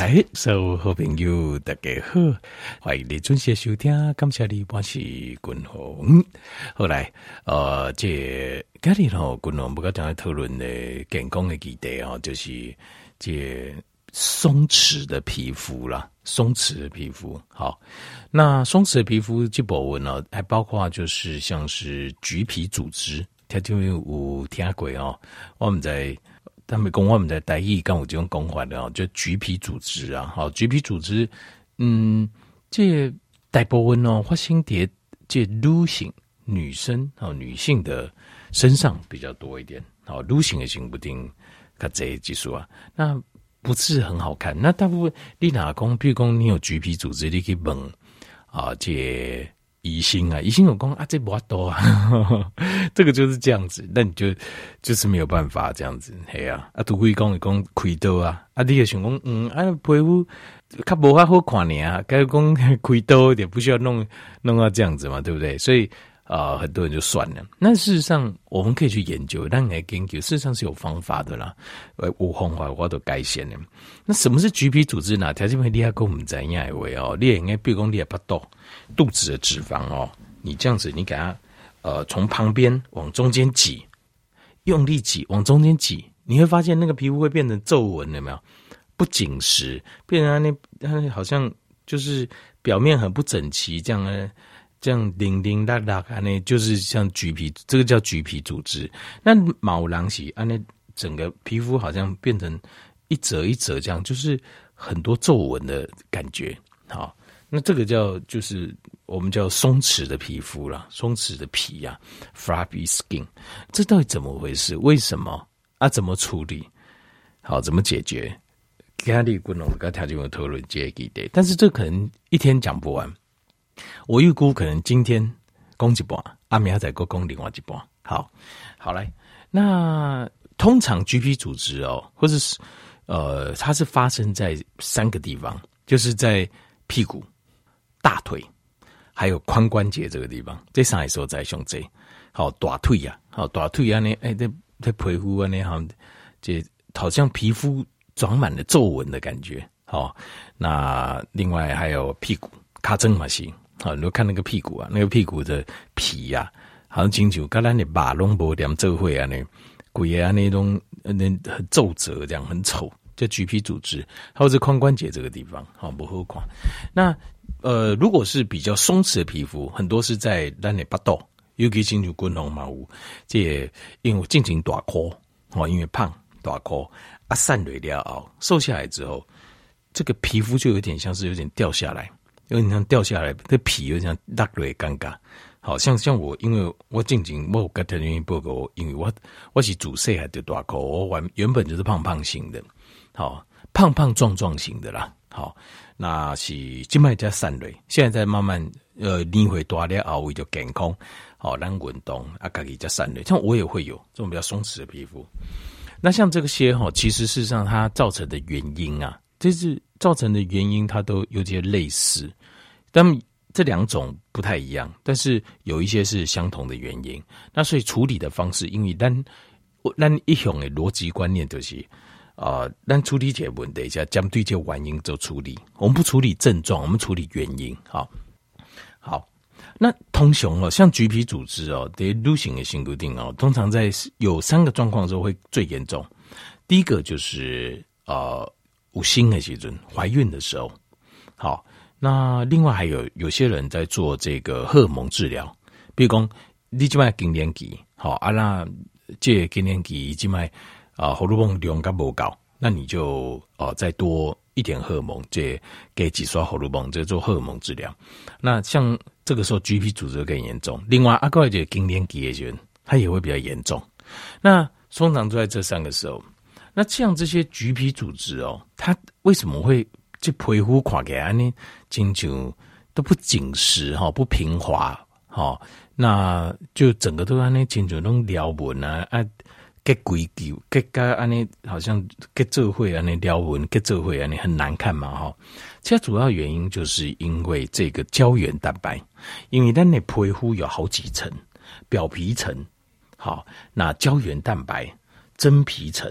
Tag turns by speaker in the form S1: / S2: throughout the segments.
S1: 哎，所有好朋友，大家好，歡迎你準時收聽。感謝你，我是軍紅。後來，呃，這今天哈、哦，軍紅不跟大家討論的健康的基地啊，就是這鬆弛的皮膚啦，鬆弛的皮膚好。那鬆弛的皮膚這部分了、哦，還包括就是像是橘皮組織，大家有聽過哦？我們在。他們公工我們在代醫，剛我就用工環的哦，就橘皮組織啊，好橘皮組織，嗯，這大部分哦，發生在這女性女生哦，女性的身上比較多一點，好女性也行不定，看這些技術啊，那不是很好看，那大部分你若講、譬如講，你有橘皮組織，你可以問啊，這個。醫生啊，醫生有講啊，這無法度啊，呵呵，這個就是這樣子，那你就就是沒有辦法這樣子，嘿啊，啊獨孤講，你講開刀啊，啊你也想講，嗯，啊皮膚，他不阿好看呢啊，該講開刀一點，不需要弄弄到這樣子嘛，對不對？所以。啊、呃，很多人就算了。那事實上，我們可以去研究，讓你研究事實上是有方法的啦。呃，有方法我都改先了。那什麼是橘皮組織呢？條件會厲害，跟我們在哪一位哦？厲害應該比如說你的肚子的脂肪哦，喔，你這樣子，你給它呃從旁邊往中間擠，用力擠往中間擠，你會發現那個皮膚會變成皺紋了，有沒有？不緊實，變成那那好像就是表面很不整齊這樣子。這樣叮叮噹噹，就是像橘皮，這個叫橘皮組織。那毛囊細，啊尼整個皮膚好像變成一折一折這樣，就是很多皺紋的感覺。好，那這個叫就是我們叫鬆弛的皮膚啦，鬆弛的皮呀、啊、flabby skin。這到底怎麼回事？為什麼啊？怎麼處理？好，怎麼解決？我但是這可能一天講不完。我預估可能今天攻一半，阿明他再攻另外一半。好，好嘞。那通常橘皮組織哦，或者是呃，它是發生在三個地方，就是在屁股、大腿，還有髖關節這個地方。這三個所在最多，好，大腿呀、啊，好，大腿呀，呢、欸，哎，這這皮膚啊，那好，這好像皮膚長滿了皺紋的感覺。好，那另外還有屁股，卡真嘛行。好，你就看那個屁股啊，那個屁股的皮呀、啊，好像清楚。剛才你馬弄薄點皺會啊，那鬼啊那種那皺褶這樣很醜，叫橘皮組織。還有這髖關節這個地方，好，不好看。那呃，如果是比較鬆弛的皮膚，很多是在咱的巴肚，尤其清楚，滾龍馬烏，這也、個，因為我進行大闊，哦，因為胖大闊啊散後，瘦下來之後，這個皮膚就有點像是有點掉下來。有點像掉下來，這皮有點像落的感覺。好像像我，因為我最近我隔天錄音播過，因為我我是主色還得大口，我原原本就是胖胖型的，好胖胖壯壯型的啦，好那是靜脈加散類，現在在慢慢呃，年會大了後為了健康，好能運動啊，家一些散類。像我也會有這種比較鬆弛的皮膚。那像這個些哈，其實事實上它造成的原因啊，這、就是。造成的原因，它都有些類似，但這兩種不太一樣。但是有一些是相同的原因。那所以處理的方式，因為我們一向的邏輯觀念就是啊，單、呃、處理解問等一下，針對這原因做處理。我們不處理症狀，我們處理原因。好好，那通常哦，像橘皮組織哦，得擼型的性固定哦，通常在有三個狀況的時候會最嚴重。第一個就是呃。有身的時陣，懷孕的時候，好。那另外還有有些人在做這個荷爾蒙治療，比如講，你這馬，更年期，好啊，那這更年期這馬啊，荷爾蒙量較不夠，那你就哦、呃、再多一點荷爾蒙，這給幾刷，荷爾蒙，這做荷爾蒙治療。那像這個時候，橘皮組織更嚴重。另外，啊阿怪這更年期的人，他也會比較嚴重。那通常在這三個時候。那這樣這些橘皮組織哦，它為什麼會這皮膚垮給安尼，經常都不緊實哈，不平滑哈、哦，那就整個都安尼，經常攏撩紋啊啊，結規矩結個安尼，好像結皺會安尼撩紋，結皺會安尼很難看嘛哈、哦。這主要原因就是因為這個膠原蛋白，因為咱那皮膚有好幾層，表皮層好、哦，那膠原蛋白真皮層。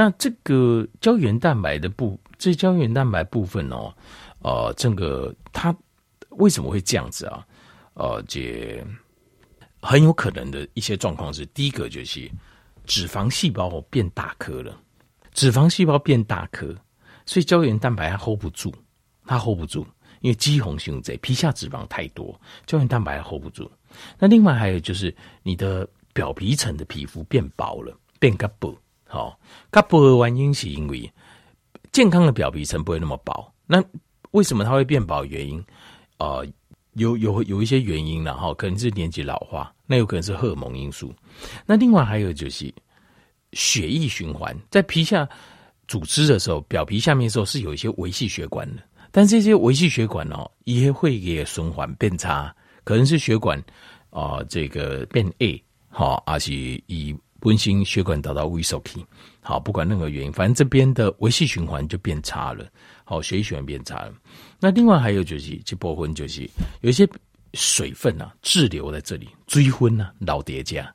S1: 那這個膠原蛋白的部，這膠原蛋白部分哦，呃，這個它為什麼會這樣子啊？呃，這很有可能的一些狀況是：第一個就是脂肪細胞變大顆了，脂肪細胞變大顆，所以膠原蛋白它 hold 不住，它 hold 不住，因為肌紅性在皮下脂肪太多，膠原蛋白它 hold 不住。那另外還有就是你的表皮層的皮膚變薄了，變更薄。好，它、哦、薄完，因是因為健康的表皮層不會那麼薄。那為什麼它會變薄？原因，呃，有有有一些原因了哈、哦，可能是年紀老化，那有可能是荷爾蒙因素。那另外還有就是血液循環在皮下組織的時候，表皮下面的時候是有一些微細血管的，但這些微細血管哦，也會給循環變差，可能是血管啊、呃、這個變硬、哦，好，而且以。溫新血管達到微縮期，好，不管任何原因，反正這邊的微細循環就變差了。好，血液循環變差了。那另外還有就是，這部分，就是有一些水分啊滯留在這裡，水分啊，老疊加，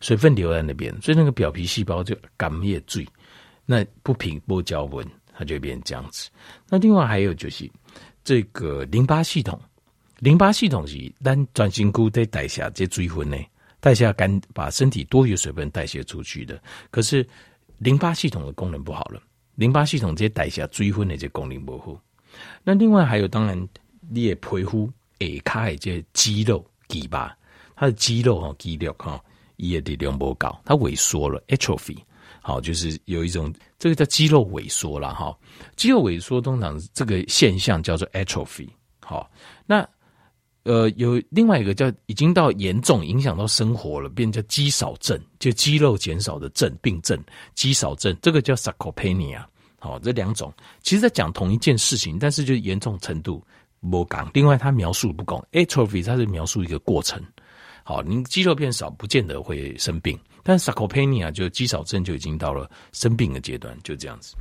S1: 水分留在那邊，所以那個表皮細胞就感裂、罪那不平、不交紋，它就變這樣子。那另外還有就是這個淋巴系統，淋巴系統是咱轉身骨在底下在水分呢。代謝乾把身體多餘的水分代謝出去的，可是淋巴系統的功能不好了，淋巴系統這些代謝、追分的這些功能不好。那另外還有，當然你也皮膚、耳、卡一些肌肉、嘴巴，它的肌肉哈、哦、肌肉哈也力量不高，它萎縮了，atrophy。好 At，就是有一種這個叫肌肉萎縮了哈，肌肉萎縮通常這個現象叫做 atrophy、哦。好，那。呃，有另外一個叫已經到嚴重影響到生活了，變成叫肌少症，就肌肉減少的症病症。肌少症這個叫 sarcopenia、哦。好，這兩種其實在講同一件事情，但是就嚴重程度不同。另外，它描述不同。atrophy 它是描述一個過程。好、哦，你肌肉變少不見得會生病，但 sarcopenia 就肌少症就已經到了生病的階段，就這樣子。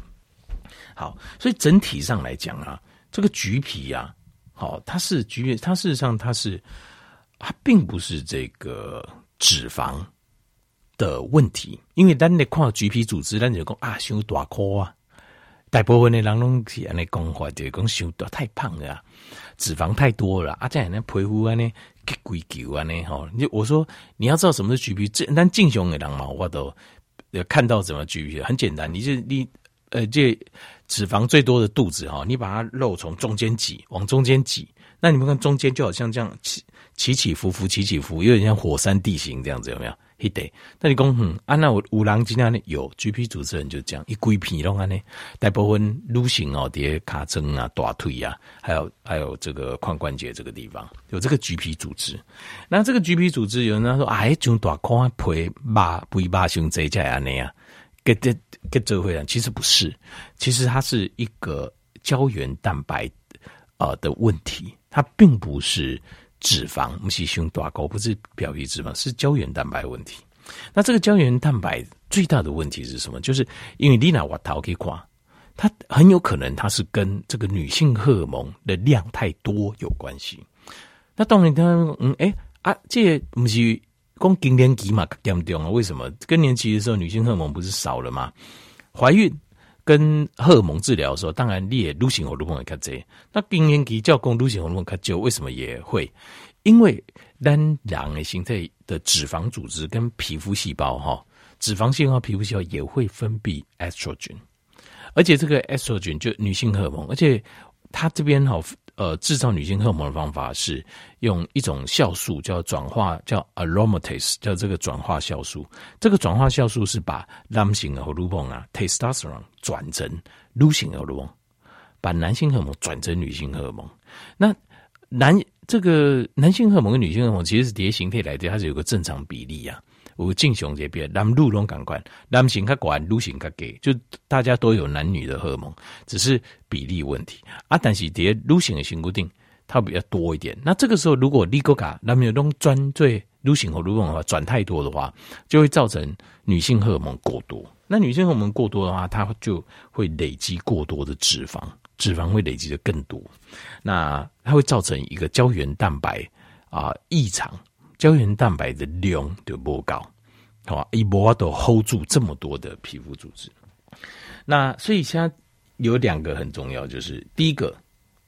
S1: 好，所以整體上來講啊，這個橘皮啊。好、哦，它是橘皮，它事實上它是，它並不是這個脂肪的問題，因為咱那看橘皮組織，咱就講啊，胸大顆啊，大部分的人攏是安尼講法的，講胸大太胖了，脂肪太多了啊，在那皮膚安尼給龜腳安尼吼，你、喔、我說你要知道什麼是橘皮，這咱正常的人嘛，我都看到什麼橘皮？很簡單，你就你。呃，這脂肪最多的肚子哈，你把它肉從中間擠，往中間擠，那你們看中間就好像這樣起起起伏伏，起起伏，起起伏有點像火山地形這樣子，有沒有？對。那你講，嗯，啊，那我五郎今天呢有，有橘皮組織，人就這樣一龜皮弄啊呢，大部分擼形哦，疊卡針啊，大腿啊，還有還有這個髖關節這個地方有這個橘皮組織，那這個橘皮組織有人他說哎，這、啊、種大塊皮麻肥麻熊在在安尼啊。跟這跟周會講，其實不是，其實它是一個膠原蛋白啊、呃、的問題，它並不是脂肪、母體胸掛高不是表皮脂肪，是膠原蛋白問題。那這個膠原蛋白最大的問題是什麼？就是因為麗娜 n a 我淘給垮，它很有可能它是跟這個女性荷爾蒙的量太多有關係。那當然，他嗯誒、欸、啊，這個、不是。講更年期嘛，更嚴重了，為什麼更年期的時候，女性荷爾蒙不是少了嗎？懷孕跟荷爾蒙治療的時候，當然你也女性荷爾蒙比較多，那更年期教工女性荷爾蒙比較少為什麼也會？因為男、兩的身體的脂肪組織跟皮膚細胞哈，脂肪細胞、皮膚細胞也會分泌 estrogen，而且這個 estrogen 就女性荷爾蒙，而且它這邊吼。呃，製造女性荷爾蒙的方法是用一種酵素，叫轉化，叫 aromatase，叫這個轉化酵素。這個轉化酵素是把男性的荷爾蒙啊 testosterone 轉成女性的荷爾蒙，把男性荷爾蒙轉成女性荷爾蒙。那男這個男性荷爾蒙跟女性荷爾蒙其實是疊形體來的，它是有個正常比例呀、啊。吳敬雄這邊，他們鹿茸感官，男性較高，女性較低，就大家都有男女的荷爾蒙，只是比例問題啊。但是，這些女性的性固定，它會比較多一點。那這個時候，如果立夠卡，那麼有東專做女性和鹿茸的話，轉太多的話，就會造成女性荷爾蒙過多。那女性荷爾蒙過多的話，它就會累積過多的脂肪，脂肪會累積的更多。那它會造成一個膠原蛋白啊呃、異常。膠原蛋白的量都不高，好，一巴都 hold 住這麼多的皮膚組織。那所以現在有兩個很重要，就是第一個，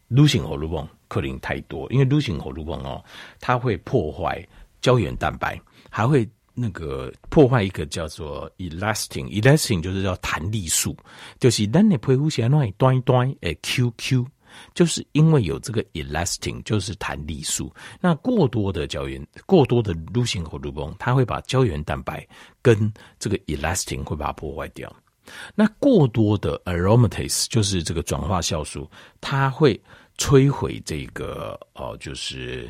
S1: 女性荷爾蒙可能太多，因為女性荷爾蒙哦，它會破壞膠原蛋白，還會那個破壞一個叫做 elastin，elastin 就是叫彈力素，就是當你皮膚先亂端端哎，Q Q。就是因為有這個 elastin，就是彈力素。那過多的膠原，過多的 lucin 和 lucin，它會把膠原蛋白跟這個 elastin 會把它破壞掉。那過多的 aromatase，就是這個轉化酵素，它會摧毀這個哦、呃，就是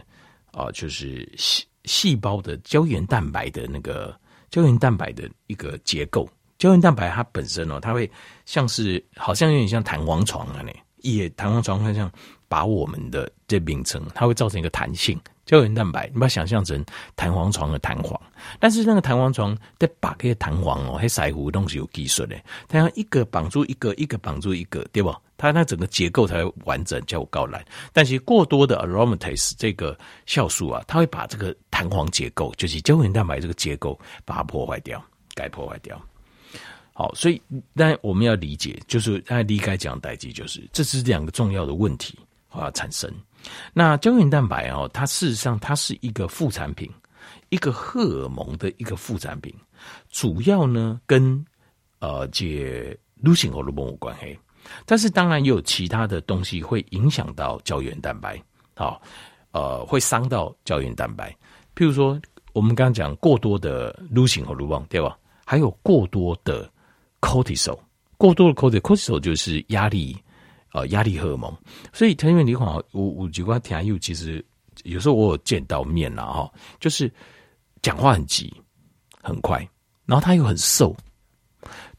S1: 哦、呃，就是細細胞的膠原蛋白的那個膠原蛋白的一個結構。膠原蛋白它本身哦，它會像是好像有點像彈簧床啊呢。也彈簧床好像把我們的這丙層，它會造成一個彈性膠原蛋白。你把它想象成彈簧床的彈簧，但是那個彈簧床在把那些彈簧哦，那些塞弧東西有技術的，它要一個綁住一個，一個綁住一個，對不對？它那整個結構才會完整叫高彈。但是過多的 aromatase 這個酵素啊，它會把這個彈簧結構，就是膠原蛋白這個結構把它破壞掉，改破壞掉。好，所以當然我們要理解，就是大家離開講代際，就是這是兩個重要的問題啊，產生。那膠原蛋白哦，它事實上它是一個副產品，一個荷爾蒙的一個副產品，主要呢跟呃解 luteinizing hormone 有關黑，但是當然也有其他的東西會影響到膠原蛋白，好、哦，呃，會傷到膠原蛋白，譬如說我們剛剛講過多的 luteinizing hormone 對吧？還有過多的 cortisol 過多的 cortisol 就是壓力，呃，壓力荷爾蒙。所以，陳俊斌你好，我我幾句話聽又其實有時候我有見到面了哈，就是講話很急，很快，然後他又很瘦。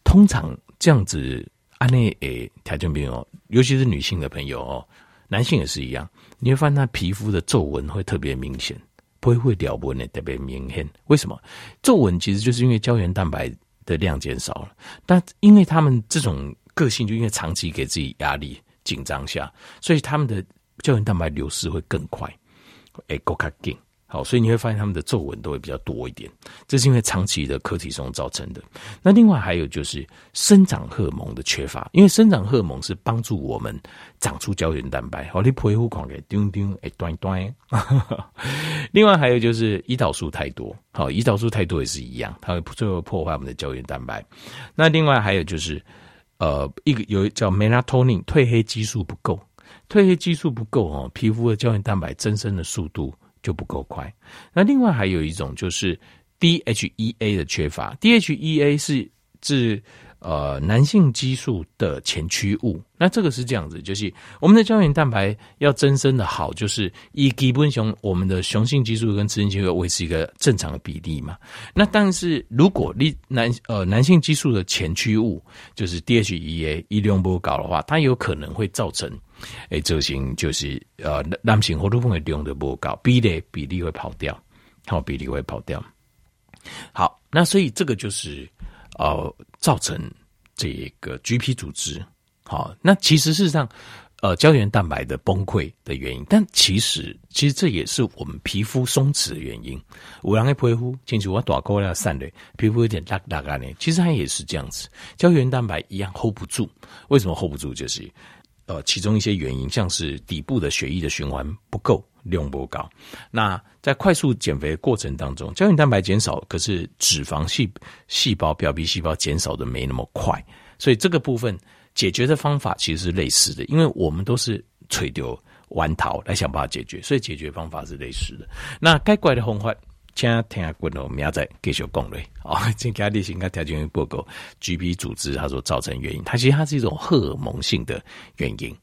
S1: 通常這樣子，安內誒，陳俊病哦，尤其是女性的朋友哦、喔，男性也是一樣，你會發現他皮膚的皺紋會特別明顯，不會會掉不的特別明顯。為什麼？皺紋其實就是因為膠原蛋白。的量減少了，但因為他們這種個性，就因為長期給自己壓力、緊張下，所以他們的膠原蛋白流失會更快，會過卡勁。好，所以你會發現他們的皺紋都會比較多一點，這是因為長期的可體松造成的。那另外還有就是生長荷爾蒙的缺乏，因為生長荷爾蒙是幫助我們長出膠原蛋白。好，你皮膚狂給叮叮端斷斷。 另外還有就是胰島素太多，好，胰島素太多也是一樣，它會最後破壞我們的膠原蛋白。那另外還有就是，呃，一個有一個叫 melatonin 褪黑激素不夠，褪黑激素不夠哦，皮膚的膠原蛋白增生的速度。就不夠快。那另外還有一種就是 DHEA 的缺乏，DHEA 是指。呃，男性激素的前驅物，那這個是這樣子，就是我們的膠原蛋白要增生的好，就是以基本雄，我們的雄性激素跟雌性激素維持一個正常的比例嘛。那但是如果你男呃男性激素的前驅物就是 DHEA 一量不夠高的話，它有可能會造成誒、欸，造型就是呃男性荷爾蒙的量的不夠高，B 的比，比例會跑掉，好、哦、比例會跑掉。好，那所以這個就是。呃，造成這個橘皮組織，好、哦，那其實事實上，呃，膠原蛋白的崩潰的原因，但其實其實這也是我們皮膚鬆弛的原因。五郎愛皮膚，進去我要打勾了，散的皮膚有點拉大幹呢，其實它也是這樣子，膠原蛋白一樣 hold 不住。為什麼 hold 不住？就是呃，其中一些原因，像是底部的血液的循環不夠。量不高？那在快速減肥的過程當中，膠原蛋白減少，可是脂肪細細胞，胞表皮細胞減少的沒那麼快，所以這個部分解決的方法其實是類似的，因為我們都是垂釣完桃來想辦法解決，所以解決的方法是類似的。那該怪的方法，請我聽阿棍們明天再繼續講嘞。哦，這家類型跟條件原不夠，橘皮組織它所造成原因，它其實它是一種荷爾蒙性的原因。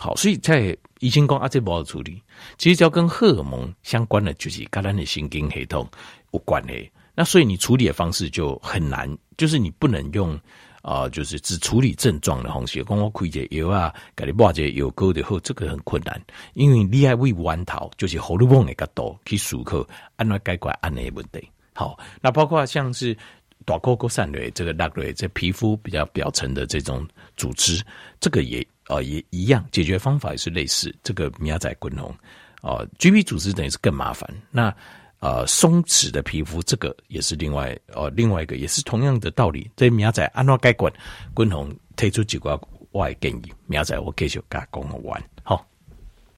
S1: 好，所以在醫生講啊，這不好處理，其實只要跟荷爾蒙相關的就是跟咱的神經系統有關的。那所以你處理的方式就很難，就是你不能用啊、呃，就是只處理症狀的方式。講我開一個藥啊，給你抹一個藥膏的後，這個很困難，因為你還未完逃，就是荷爾蒙的角度去思考按怎解決按呢的問題。好，那包括像是大溝溝上的這個那個在皮膚比較表層的這種組織，這個也。哦，也一樣，解決方法也是類似。這個苗仔滾紅，呃橘皮組織等於是更麻煩。那呃，鬆弛的皮膚，這個也是另外呃，另外一個也是同樣的道理。這苗仔安照該滾滾紅推出幾個外給你苗仔我繼續加工完好。